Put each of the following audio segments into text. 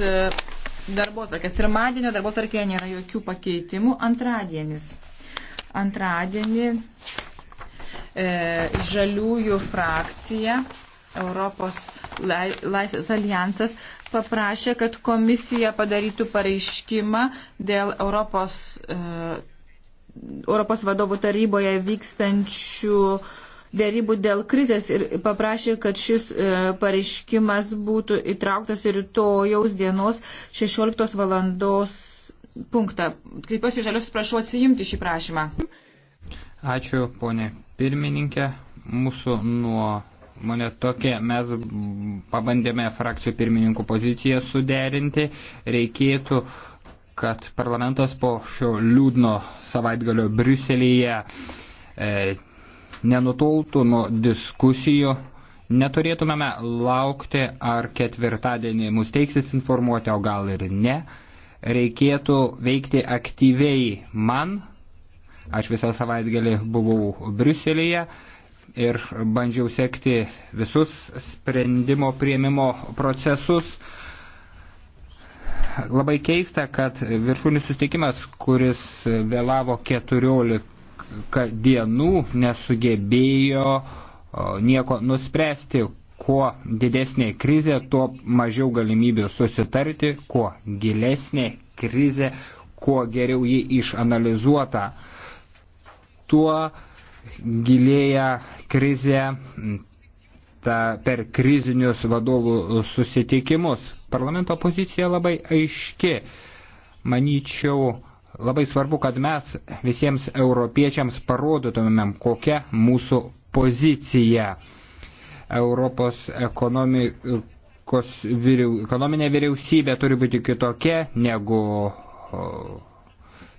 E, darbo tvarkės. Pirmadienio darbo tvarkėje nėra jokių pakeitimų. Antradienis. Antradienį e, žaliųjų frakcija Europos lai, Laisvės alijansas paprašė, kad komisija padarytų pareiškimą dėl Europos, e, Europos vadovų taryboje vykstančių e, dėrybų dėl krizės ir paprašė, kad šis e, pareiškimas būtų įtrauktas ir tojaus dienos 16 valandos punktą. Kreipiuosi žalius, prašau atsijimti šį prašymą. Ačiū, ponė pirmininkė. Mūsų nuo mane tokia, mes pabandėme frakcijų pirmininkų poziciją suderinti. Reikėtų, kad parlamentas po šio liūdno savaitgalio Briuselėje e, nenutoltų nuo diskusijų, neturėtumėme laukti, ar ketvirtadienį mus teiksis informuoti, o gal ir ne. Reikėtų veikti aktyviai man. Aš visą savaitgalį buvau Briuselėje ir bandžiau sekti visus sprendimo prieimimo procesus labai keista, kad viršūnių sustikimas, kuris vėlavo 14 dienų nesugebėjo nieko nuspręsti, kuo didesnė krizė, tuo mažiau galimybių susitarti, kuo gilesnė krizė, kuo geriau ji išanalizuota, tuo gilėja krizė ta, per krizinius vadovų susitikimus. Parlamento pozicija labai aiški. Manyčiau, Labai svarbu, kad mes visiems europiečiams parodytumėm, kokia mūsų pozicija. Europos ekonomikos, vyriau, ekonominė vyriausybė turi būti kitokia negu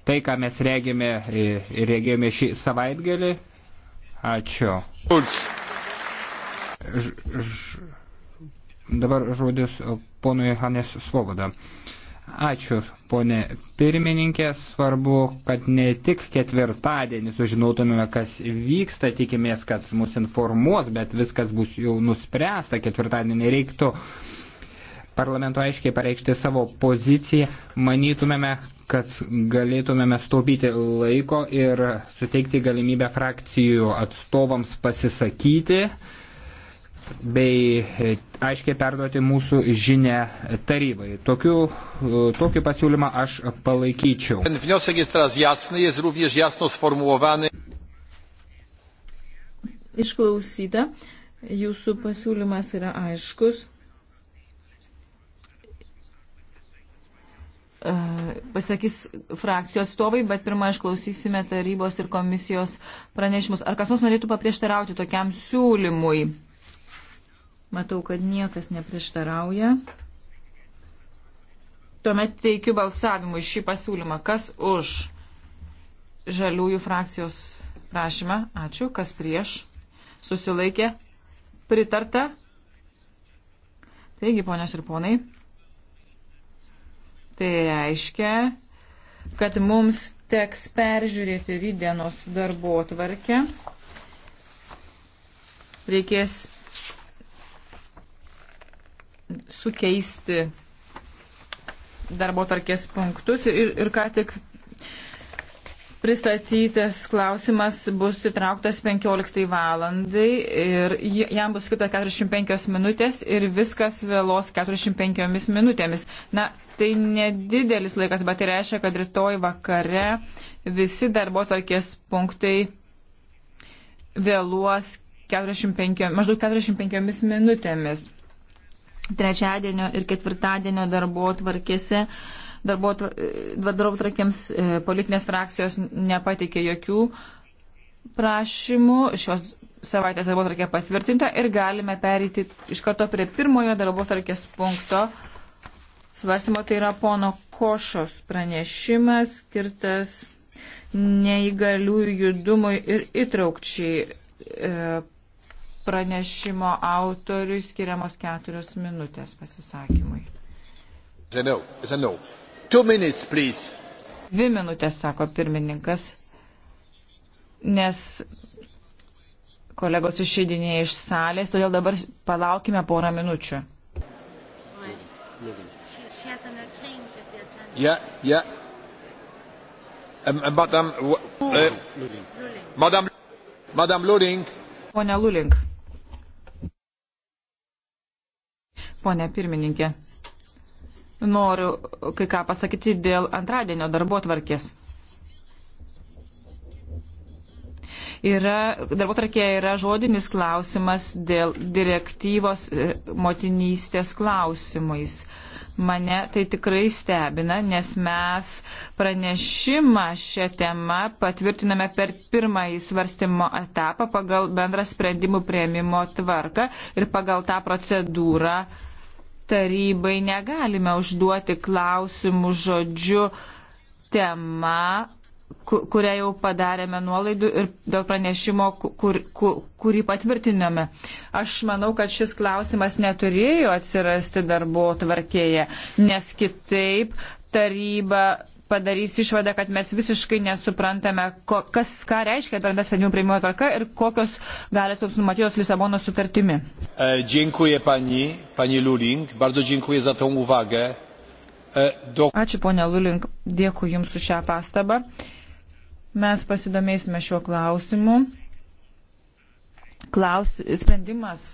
tai, ką mes regėme ir e, regėjome šį savaitgalį. Ačiū. Ž, ž, dabar žodis ponui Hanes Svoboda. Ačiū, ponė pirmininkė. Svarbu, kad ne tik ketvirtadienį sužinotumėme, kas vyksta, tikimės, kad mus informuos, bet viskas bus jau nuspręsta. Ketvirtadienį reiktų parlamento aiškiai pareikšti savo poziciją. Manytumėme, kad galėtumėme stobyti laiko ir suteikti galimybę frakcijų atstovams pasisakyti bei e, aiškiai perduoti mūsų žinę tarybai. Tokiu, e, tokį pasiūlymą aš palaikyčiau. Išklausyta, jūsų pasiūlymas yra aiškus. E, pasakys frakcijos atstovai, bet pirmą išklausysime tarybos ir komisijos pranešimus. Ar kas nors norėtų paprieštarauti tokiam siūlymui? Matau, kad niekas neprieštarauja. Tuomet teikiu balsavimui šį pasiūlymą. Kas už žaliųjų frakcijos prašymą? Ačiū. Kas prieš? Susilaikė? Pritarta? Taigi, ponios ir ponai, tai reiškia, kad mums teks peržiūrėti rydienos darbo tvarkę. Reikės sukeisti darbo tarkės punktus ir, ir ką tik pristatytas klausimas bus įtrauktas 15 valandai ir jam bus skirta 45 minutės ir viskas vėlos 45 minutėmis. Na, tai nedidelis laikas, bet tai reiškia, kad rytoj vakare visi darbo tvarkės punktai vėluos 45, maždaug 45 minutėmis trečiadienio ir ketvirtadienio darbo tvarkėse. Darbo e, tvarkėms e, politinės frakcijos nepatikė jokių prašymų. Šios savaitės darbo tvarkė patvirtinta ir galime pereiti iš karto prie pirmojo darbo tvarkės punkto. Svarsimo tai yra pono Košos pranešimas skirtas neįgaliųjų judumui ir įtraukčiai. E, pranešimo autoriui skiriamos keturios minutės pasisakymui. Seniau, seniau. Two minutes, please. Dvi minutės, sako pirmininkas, nes kolegos išeidinėja iš salės, todėl dabar palaukime porą minučių. Yeah, yeah. Um, um, madam, uh, uh madam, madam Luling. Pone Luling. ponė pirmininkė. Noriu kai ką pasakyti dėl antradienio darbo tvarkės. Yra, darbo tvarkėje yra žodinis klausimas dėl direktyvos e, motinystės klausimais. Mane tai tikrai stebina, nes mes pranešimą šią temą patvirtiname per pirmąjį svarstymo etapą pagal bendrą sprendimų prieimimo tvarką ir pagal tą procedūrą uh, tarybai negalime užduoti klausimų žodžiu tema, kurią jau padarėme nuolaidų ir dėl pranešimo, kur, kur, kurį patvirtiname. Aš manau, kad šis klausimas neturėjo atsirasti darbo tvarkėje, nes kitaip taryba padarys išvadą, kad mes visiškai nesuprantame, ko, kas, ką reiškia bendra sprendimų prieimimo tvarka ir kokios galės bus numatytos Lisabono sutartimi. E, dziękuję pani, pani Luling, bardzo dziękuję za tą uwagę. E, do... Ačiū ponia Luling, dėkui Jums už šią pastabą. Mes pasidomėsime šiuo klausimu. Klaus, sprendimas.